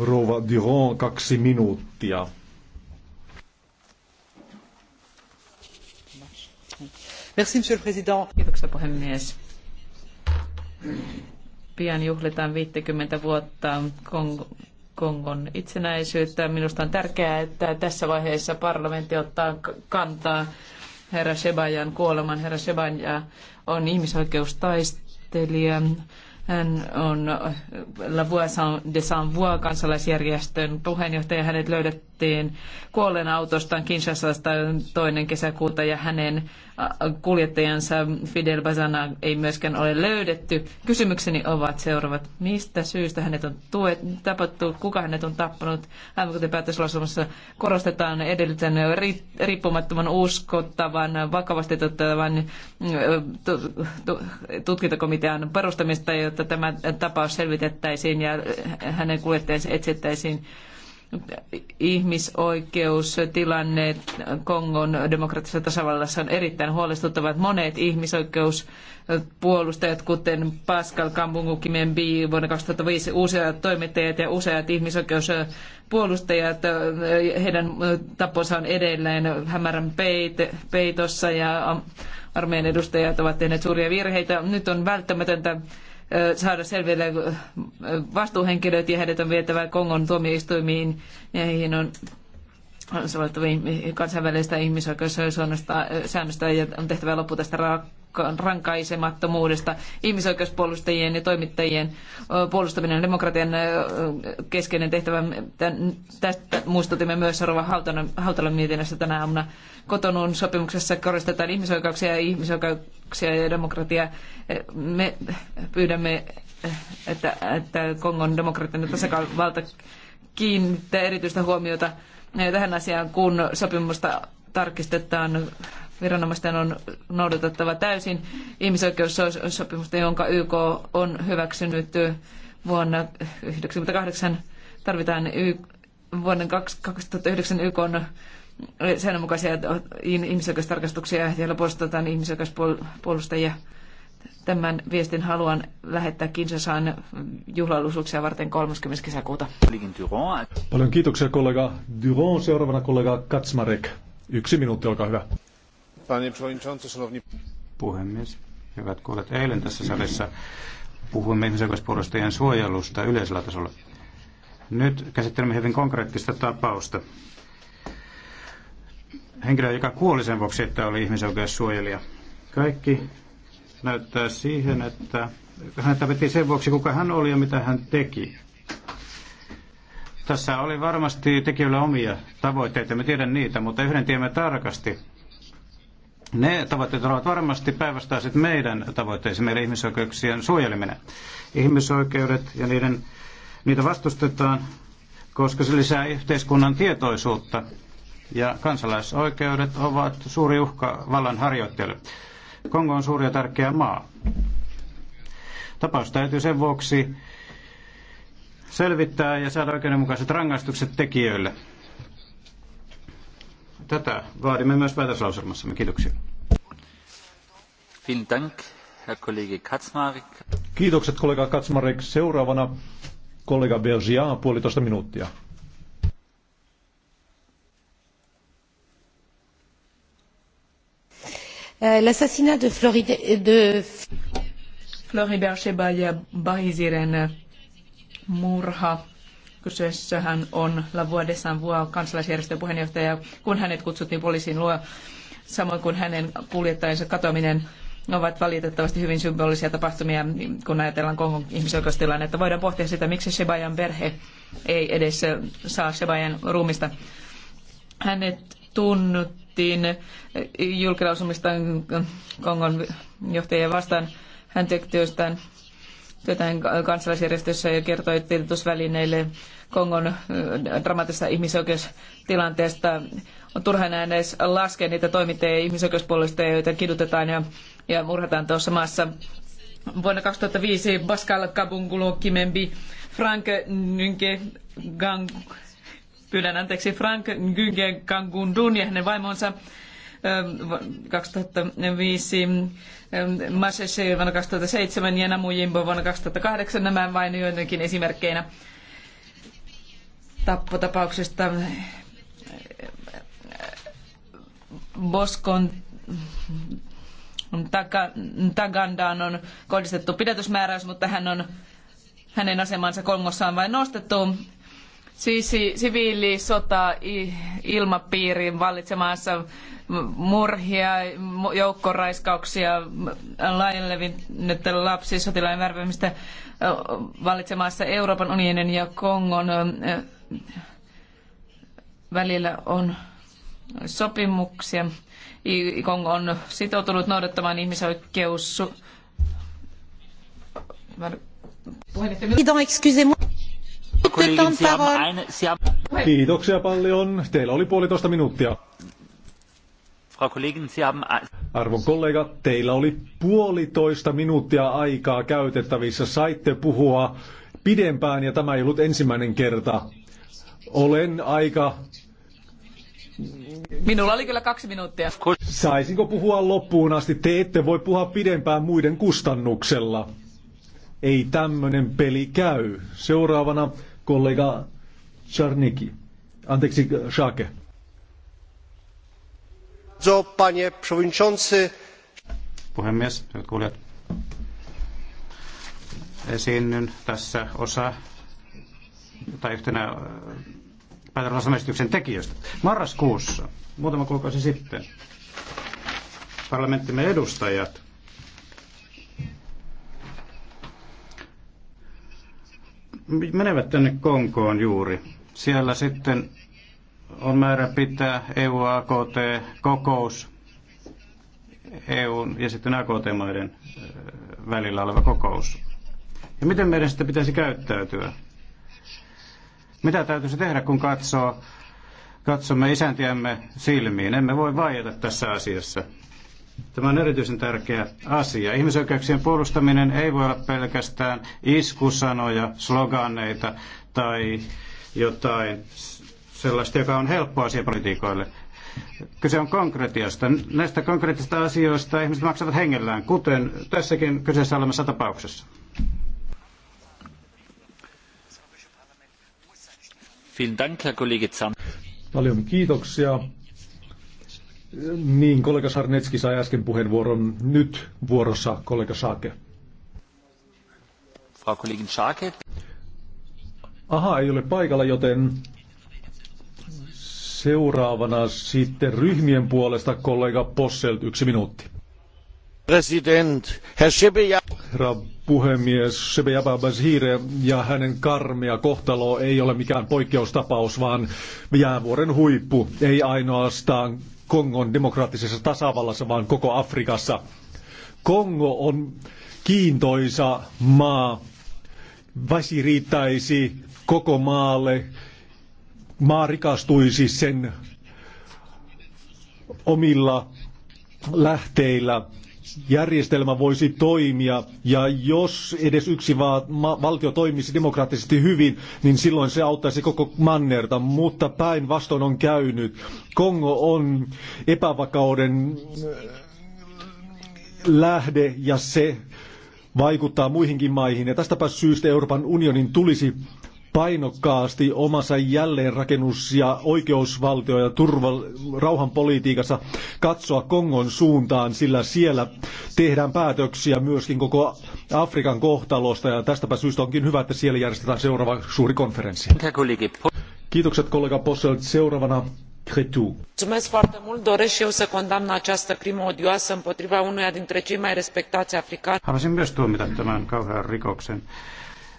Rova Duron, kaksi minuuttia. Merci, monsieur le président. Kiitoksia puhemies. Pian juhlitaan 50 vuotta Kong- Kongon itsenäisyyttä. Minusta on tärkeää, että tässä vaiheessa parlamentti ottaa kantaa herra Shebajan kuoleman. Herra Shebanja on ihmisoikeustaistelija hän on La Voix de Sans Voix kansalaisjärjestön puheenjohtaja. Hänet löydettiin kuolleen autostaan Kinshasasta toinen kesäkuuta ja hänen kuljettajansa Fidel Bazana ei myöskään ole löydetty. Kysymykseni ovat seuraavat. Mistä syystä hänet on tuet, tapattu? Kuka hänet on tappanut? Aivan kuten päätöslausumassa korostetaan edellytän riippumattoman uskottavan, vakavasti otettavan tutkintakomitean perustamista, jotta tämä tapaus selvitettäisiin ja hänen kuljettajansa etsittäisiin ihmisoikeustilanne Kongon demokraattisessa tasavallassa on erittäin huolestuttavat. Monet ihmisoikeuspuolustajat, kuten Pascal Kampungu Kimembi vuonna 2005, useat toimittajat ja useat ihmisoikeuspuolustajat, heidän taponsa on edelleen hämärän peitossa ja armeijan edustajat ovat tehneet suuria virheitä. Nyt on välttämätöntä saada selville vastuuhenkilöt ja heidät on vietävä Kongon tuomioistuimiin ja heihin on soveltuvia kansainvälistä ihmisoikeussäännöstä ja on tehtävä loppu tästä rankaisemattomuudesta. Ihmisoikeuspuolustajien ja toimittajien puolustaminen on demokratian keskeinen tehtävä. Tästä muistutimme myös Rova Hautalan mietinnössä tänä aamuna. Kotonun sopimuksessa korostetaan ihmisoikeuksia ja ihmisoikeuksia ja demokratiaa. Me pyydämme, että, että Kongon demokraattinen tasavalta kiinnittää erityistä huomiota tähän asiaan, kun sopimusta tarkistetaan viranomaisten on noudatettava täysin ihmisoikeussopimusta, jonka YK on hyväksynyt vuonna 1998. Tarvitaan y- vuoden 2009 YK on säännönmukaisia ihmisoikeustarkastuksia, joilla puolustetaan ihmisoikeuspuolustajia. Tämän viestin haluan lähettää Kinsasaan juhlallisuuksia varten 30. kesäkuuta. Paljon kiitoksia kollega Duron. Seuraavana kollega Katsmarek. Yksi minuutti, olkaa hyvä. Puhemies, hyvät kuulet, eilen tässä salissa puhuimme ihmisoikeuspuolustajien suojelusta yleisellä tasolla. Nyt käsittelemme hyvin konkreettista tapausta. Henkilö, joka kuoli sen vuoksi, että oli ihmisoikeussuojelija. Kaikki näyttää siihen, että hän piti sen vuoksi, kuka hän oli ja mitä hän teki. Tässä oli varmasti tekijöillä omia tavoitteita, me tiedän niitä, mutta yhden tiemme tarkasti. Ne tavoitteet ovat varmasti päinvastaiset meidän tavoitteisiin, meidän ihmisoikeuksien suojeleminen. Ihmisoikeudet ja niiden, niitä vastustetaan, koska se lisää yhteiskunnan tietoisuutta ja kansalaisoikeudet ovat suuri uhka vallan harjoittajille. Kongo on suuri ja tärkeä maa. Tapaus täytyy sen vuoksi selvittää ja saada oikeudenmukaiset rangaistukset tekijöille. Tätä vaadimme myös päätöslauselmassamme. Kiitoksia. Vielen Dank, Herr Kollege Kiitokset kollega Katsmarik. Seuraavana kollega Belgia, puolitoista minuuttia. Eh, l'assassinat de, Floride, de Floribert Chebalia murha hän on Lavua de Sanvoa, kansalaisjärjestön puheenjohtaja, kun hänet kutsuttiin poliisin luo, samoin kuin hänen kuljettajansa katoaminen ovat valitettavasti hyvin symbolisia tapahtumia, kun ajatellaan Kongon ihmisoikeustilannetta. Voidaan pohtia sitä, miksi Shebajan perhe ei edes saa Shebajan ruumista. Hänet tunnuttiin julkilausumistaan Kongon johtajia vastaan. Hän teki työstään työtään kansalaisjärjestössä ja kertoi tiedotusvälineille Kongon dramaattisesta ihmisoikeustilanteesta. On turha enää edes laskea niitä toimittajia ja ihmisoikeuspuolustajia, joita kidutetaan ja, ja murhataan tuossa maassa. Vuonna 2005 Pascal Kabungulu Kimembi, Frank Nynke Gang, pyydän anteeksi, Frank Nynke Kangundun ja hänen vaimonsa 2005, Masese vuonna 2007 ja Jimbo vuonna 2008. Nämä vain joidenkin esimerkkeinä tappotapauksesta Boskon Tagandaan on kohdistettu pidätysmääräys, mutta hän on, hänen asemansa Kongossa on vain nostettu siis siviilisota ilmapiiri vallitsemassa murhia, joukkoraiskauksia, laajalle levinnyttä lapsi, sotilaiden värvämistä vallitsemassa Euroopan unionin ja Kongon välillä on sopimuksia. Kongo on sitoutunut noudattamaan ihmisoikeus... Puheenjohtaja, Kollegin, Sie haben eine, Sie haben... Kiitoksia paljon. Teillä oli puolitoista minuuttia. Frau Kollegin, Sie haben... Arvon kollega, teillä oli puolitoista minuuttia aikaa käytettävissä. Saitte puhua pidempään ja tämä ei ollut ensimmäinen kerta. Olen aika... Minulla oli kyllä kaksi minuuttia. Saisinko puhua loppuun asti? Te ette voi puhua pidempään muiden kustannuksella. Ei tämmöinen peli käy. Seuraavana kollega Czarniki. Anteeksi, Schake. Panie przewodniczący. Puhemies, hyvät kuulijat. Esiinnyn tässä osa tai yhtenä päätöslausumesityksen tekijöistä. Marraskuussa, muutama kuukausi sitten, parlamenttimme edustajat menevät tänne Konkoon juuri. Siellä sitten on määrä pitää EU-AKT-kokous EUn ja sitten AKT-maiden välillä oleva kokous. Ja miten meidän sitä pitäisi käyttäytyä? Mitä täytyisi tehdä, kun katsoo, katsomme isäntiämme silmiin? Emme voi vaieta tässä asiassa. Tämä on erityisen tärkeä asia. Ihmisoikeuksien puolustaminen ei voi olla pelkästään iskusanoja, sloganeita tai jotain sellaista, joka on helppo asia politiikoille. Kyse on konkretiasta. Näistä konkreettisista asioista ihmiset maksavat hengellään, kuten tässäkin kyseessä olemassa tapauksessa. Paljon kiitoksia. Niin, kollega Sarnetski sai äsken puheenvuoron. Nyt vuorossa kollega Saake. Frau Kollegin Saake. Aha, ei ole paikalla, joten seuraavana sitten ryhmien puolesta kollega Posselt, yksi minuutti. President, Herr Shebeja... Herra puhemies, Shebejaba Babazhire ja hänen karmia kohtalo ei ole mikään poikkeustapaus, vaan jäävuoren huippu, ei ainoastaan Kongon demokraattisessa tasavallassa, vaan koko Afrikassa. Kongo on kiintoisa maa. Vesi riittäisi koko maalle. Maa rikastuisi sen omilla lähteillä järjestelmä voisi toimia. Ja jos edes yksi valtio toimisi demokraattisesti hyvin, niin silloin se auttaisi koko mannerta. Mutta päinvastoin on käynyt. Kongo on epävakauden äh, lähde ja se vaikuttaa muihinkin maihin. Ja tästäpä syystä Euroopan unionin tulisi painokkaasti omassa jälleenrakennus- ja oikeusvaltio- ja turva- rauhanpolitiikassa katsoa Kongon suuntaan, sillä siellä tehdään päätöksiä myöskin koko Afrikan kohtalosta ja tästäpä syystä onkin hyvä, että siellä järjestetään seuraava suuri konferenssi. Kiitokset kollega Possel. Seuraavana doresc i eu să condamn această crimă odioasă împotriva unuia dintre cei mai respectai africani. haluaisin myös tuomita tämän kauhean rikoksen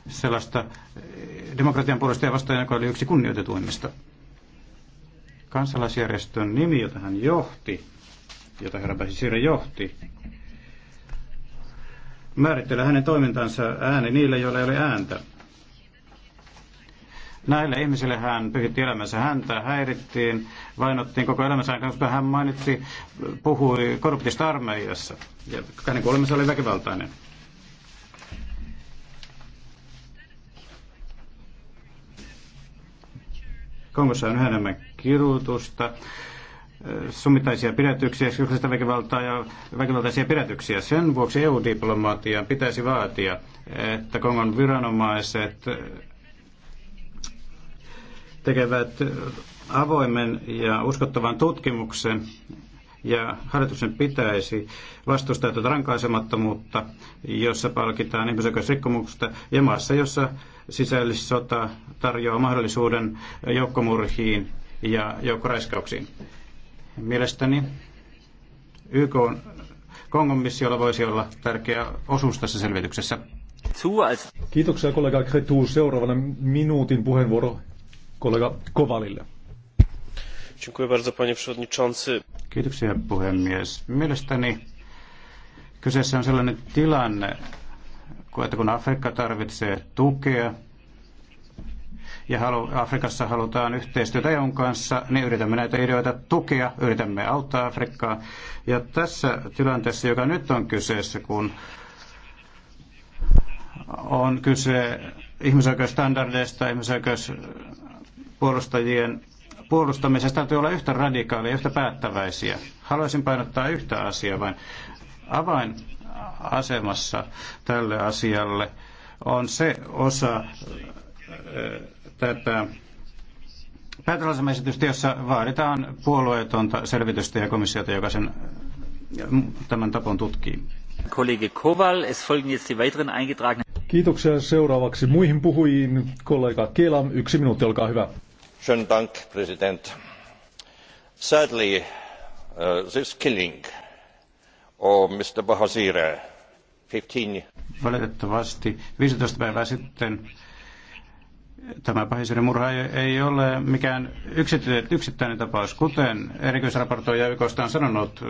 sellaista eh, demokratian puolesta ja vastaan, joka oli yksi kunnioitetuimmista. Kansalaisjärjestön nimi, jota hän johti, jota herra Basisire johti, määrittelee hänen toimintansa ääni niille, joilla ei ole ääntä. Näille ihmisille hän pyhitti elämänsä häntä, häirittiin, vainottiin koko elämänsä aikana, koska hän mainitti, puhui korruptista armeijassa. Ja hänen kuolemansa oli väkivaltainen. Kongossa on yhä enemmän kirutusta, summittaisia pidätyksiä, seksuaalista väkivaltaa ja väkivaltaisia pidätyksiä. Sen vuoksi EU-diplomaatia pitäisi vaatia, että Kongon viranomaiset tekevät avoimen ja uskottavan tutkimuksen ja hallituksen pitäisi vastustaa tätä rankaisemattomuutta, jossa palkitaan ihmisoikeusrikkomuksista ja maassa, jossa sisällissota tarjoaa mahdollisuuden joukkomurhiin ja joukkoraiskauksiin. Mielestäni YK on Kongon missiolla voisi olla tärkeä osuus tässä selvityksessä. Kiitoksia kollega Kretu. Seuraavana minuutin puheenvuoro kollega Kovalille. Kiitoksia puhemies. Mielestäni kyseessä on sellainen tilanne, että kun Afrikka tarvitsee tukea ja halu, Afrikassa halutaan yhteistyötä EUn kanssa, niin yritämme näitä ideoita tukea, yritämme auttaa Afrikkaa. Ja tässä tilanteessa, joka nyt on kyseessä, kun on kyse ihmisoikeusstandardeista, ihmisoikeuspuolustajien puolustamisesta täytyy olla yhtä radikaalia, yhtä päättäväisiä. Haluaisin painottaa yhtä asiaa vain. Avain asemassa tälle asialle on se osa äh, tätä päätöslauselmaesitystä, jossa vaaditaan puolueetonta selvitystä ja komissiota, joka sen äh, tämän tapon tutkii. Kollege Koval, es folgen jetzt die weiteren eingetragenen. Kiitoksia seuraavaksi muihin puhujiin. Kollega Kelam, yksi minuutti, olkaa hyvä. Schönen Dank, President. Sadly, uh, this killing of Mr. Bahazire Valitettavasti 15 päivää sitten tämä pahisyyden murha ei, ei ole mikään yksittäinen tapaus. Kuten erikoisraportoija YKsta on sanonut,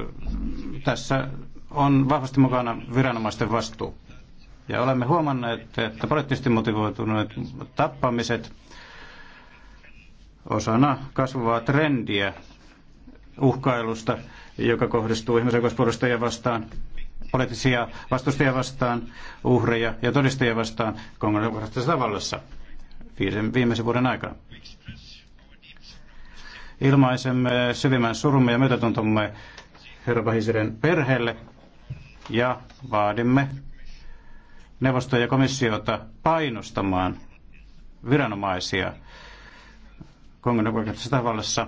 tässä on vahvasti mukana viranomaisten vastuu. Ja olemme huomanneet, että poliittisesti motivoituneet tappamiset osana kasvavaa trendiä uhkailusta, joka kohdistuu ihmisoikeuspuolustajia vastaan, poliittisia vastustajia vastaan, uhreja ja todistajia vastaan Kongon demokraattisessa tavallassa viimeisen vuoden aikana. Ilmaisemme syvimmän surumme ja myötätuntomme herra Bahisiren perheelle ja vaadimme neuvostoa ja komissiota painostamaan viranomaisia Kongon demokraattisessa tavallassa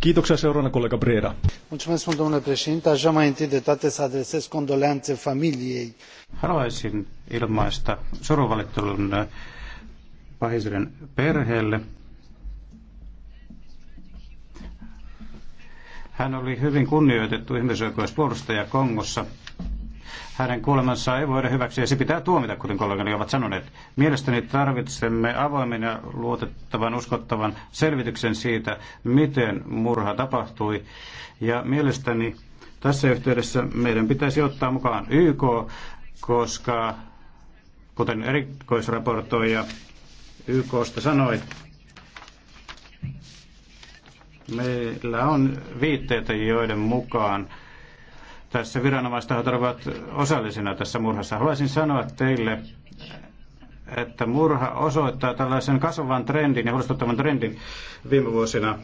Kiitoksia seuraavana kollega Breda. Mulțumesc, domnule președinte. Aș vrea mai întâi de toate să adresez condoleanțe familiei. Haluaisin ilmaista surunvalittelun eh, pahisuuden perheelle. Hän oli hyvin kunnioitettu ihmisoikeuspuolustaja Kongossa – hänen kuolemansa ei voida hyväksyä ja se pitää tuomita, kuten kollegani ovat sanoneet. Mielestäni tarvitsemme avoimen ja luotettavan, uskottavan selvityksen siitä, miten murha tapahtui. Ja mielestäni tässä yhteydessä meidän pitäisi ottaa mukaan YK, koska kuten erikoisraportoija YKsta sanoi, meillä on viitteitä, joiden mukaan tässä viranomaistahot ovat osallisena tässä murhassa. Haluaisin sanoa teille, että murha osoittaa tällaisen kasvavan trendin ja huolestuttavan trendin viime vuosina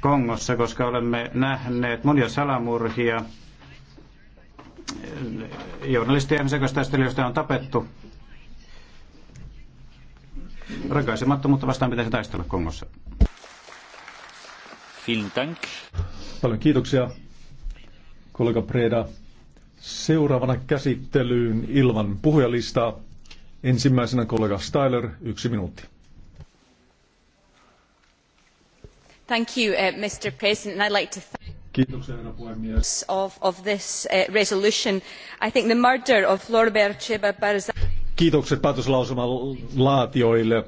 Kongossa, koska olemme nähneet monia salamurhia. Journalisteja ja ihmisoikeustaistelijoista on tapettu. mutta vastaan pitäisi taistella Kongossa. Vielen Paljon kiitoksia kollega Preda. Seuraavana käsittelyyn ilman puhujalistaa. Ensimmäisenä kollega Styler, yksi minuutti. Thank you, uh, Mr. President. I'd like to thank Kiitoksia, herra puhemies. Of, of this uh, resolution. I think the murder of Floribert Cheba Barzani... Kiitokset päätöslausuman laatioille.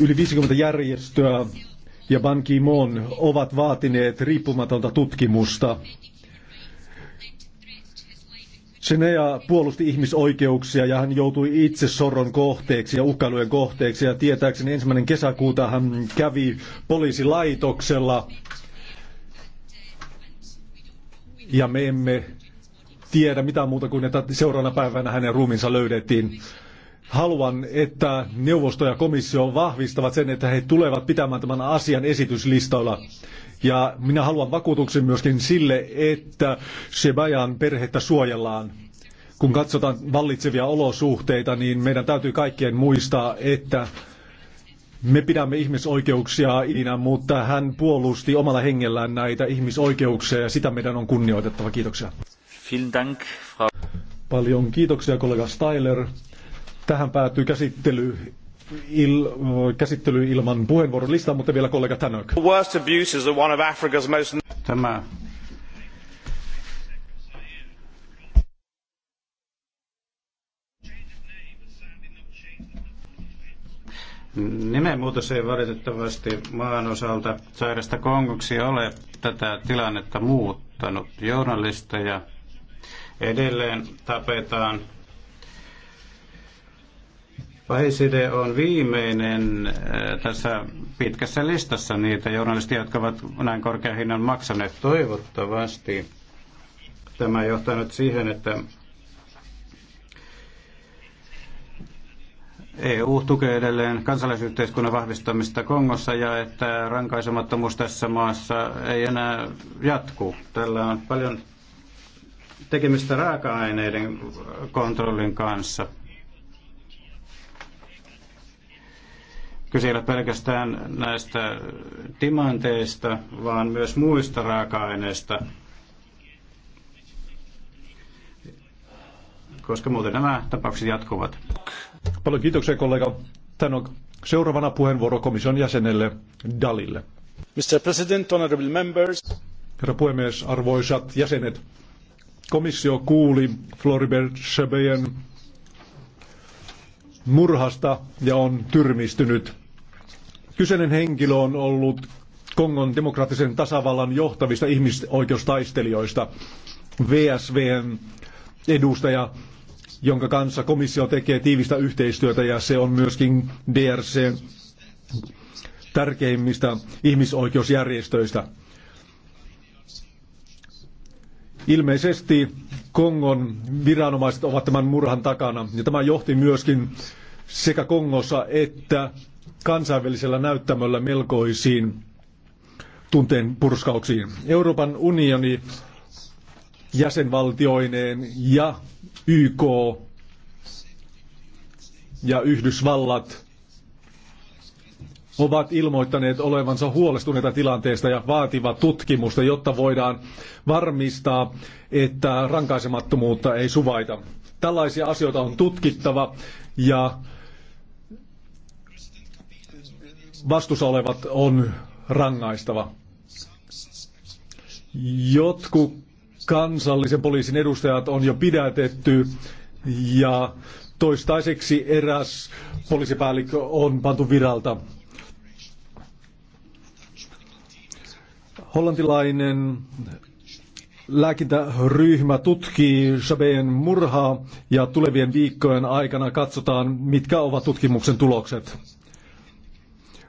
Yli 50 järjestöä ja Ban Ki-moon ovat vaatineet riippumatonta tutkimusta Sinea puolusti ihmisoikeuksia ja hän joutui itse sorron kohteeksi ja uhkailujen kohteeksi. Ja tietääkseni ensimmäinen kesäkuuta hän kävi poliisilaitoksella. Ja me emme tiedä mitään muuta kuin, että seuraavana päivänä hänen ruuminsa löydettiin. Haluan, että neuvosto ja komissio vahvistavat sen, että he tulevat pitämään tämän asian esityslistoilla. Ja minä haluan vakuutuksen myöskin sille, että Shebajan perhettä suojellaan. Kun katsotaan vallitsevia olosuhteita, niin meidän täytyy kaikkien muistaa, että me pidämme ihmisoikeuksia Iina, mutta hän puolusti omalla hengellään näitä ihmisoikeuksia ja sitä meidän on kunnioitettava. Kiitoksia. Vielen Dank, Frau. Paljon kiitoksia kollega Styler. Tähän päätyy käsittely il, käsittely ilman puheenvuoron listaa, mutta vielä kollega Tanok. Tämä Nimenmuutos ei valitettavasti maan osalta sairasta kongoksi ole tätä tilannetta muuttanut. Journalisteja edelleen tapetaan Vahiside on viimeinen äh, tässä pitkässä listassa niitä journalisteja, jotka ovat näin korkean hinnan maksaneet. Toivottavasti tämä johtaa nyt siihen, että EU tukee edelleen kansalaisyhteiskunnan vahvistamista Kongossa ja että rankaisemattomuus tässä maassa ei enää jatku. Tällä on paljon tekemistä raaka-aineiden kontrollin kanssa. Kyse ei ole pelkästään näistä timanteista, vaan myös muista raaka-aineista, koska muuten nämä tapaukset jatkuvat. Paljon kiitoksia kollega Tanok. Seuraavana puheenvuoro komission jäsenelle Dalille. Mr. President, honorable members. Herra puhemies, arvoisat jäsenet. Komissio kuuli Floribert Chebejen murhasta ja on tyrmistynyt. Kyseinen henkilö on ollut Kongon demokraattisen tasavallan johtavista ihmisoikeustaistelijoista, VSVn edustaja, jonka kanssa komissio tekee tiivistä yhteistyötä ja se on myöskin DRC tärkeimmistä ihmisoikeusjärjestöistä. Ilmeisesti Kongon viranomaiset ovat tämän murhan takana. Ja tämä johti myöskin sekä Kongossa että kansainvälisellä näyttämöllä melkoisiin tunteen purskauksiin. Euroopan unioni jäsenvaltioineen ja YK ja Yhdysvallat ovat ilmoittaneet olevansa huolestuneita tilanteesta ja vaativat tutkimusta, jotta voidaan varmistaa, että rankaisemattomuutta ei suvaita. Tällaisia asioita on tutkittava ja vastuussa olevat on rangaistava. Jotkut kansallisen poliisin edustajat on jo pidätetty ja toistaiseksi eräs poliisipäällikkö on pantu viralta Hollantilainen lääkintäryhmä tutkii Shabeen murhaa ja tulevien viikkojen aikana katsotaan, mitkä ovat tutkimuksen tulokset.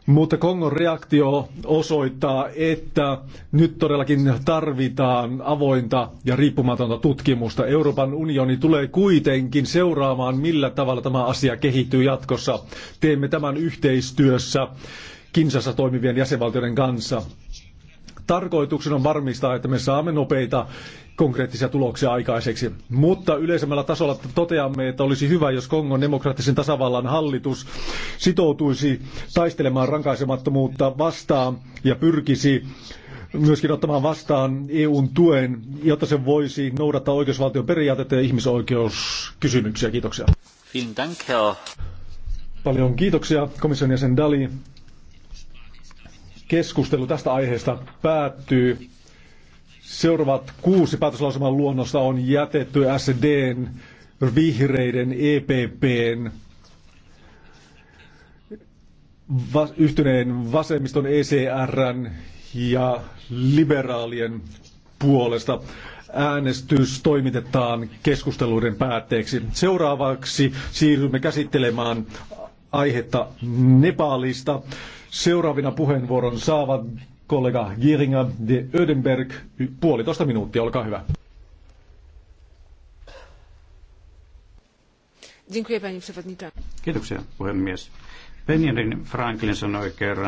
Mutta Kongon reaktio osoittaa, että nyt todellakin tarvitaan avointa ja riippumatonta tutkimusta. Euroopan unioni tulee kuitenkin seuraamaan, millä tavalla tämä asia kehittyy jatkossa. Teemme tämän yhteistyössä Kinsassa toimivien jäsenvaltioiden kanssa. Tarkoituksena on varmistaa, että me saamme nopeita konkreettisia tuloksia aikaiseksi. Mutta yleisemmällä tasolla toteamme, että olisi hyvä, jos Kongon demokraattisen tasavallan hallitus sitoutuisi taistelemaan rankaisemattomuutta vastaan ja pyrkisi myöskin ottamaan vastaan EUn tuen, jotta se voisi noudattaa oikeusvaltion periaatetta ja ihmisoikeuskysymyksiä. Kiitoksia. Paljon kiitoksia komission jäsen Dali keskustelu tästä aiheesta päättyy. Seuraavat kuusi päätöslausuman luonnosta on jätetty SDn, vihreiden, EPPn, va- yhtyneen vasemmiston ECRn ja liberaalien puolesta äänestys toimitetaan keskusteluiden päätteeksi. Seuraavaksi siirrymme käsittelemään aihetta Nepalista. Seuraavina puheenvuoron saavat kollega Giringa de Ödenberg. Puolitoista minuuttia, olkaa hyvä. Kiitoksia puhemies. Benjamin Franklin sanoi kerran,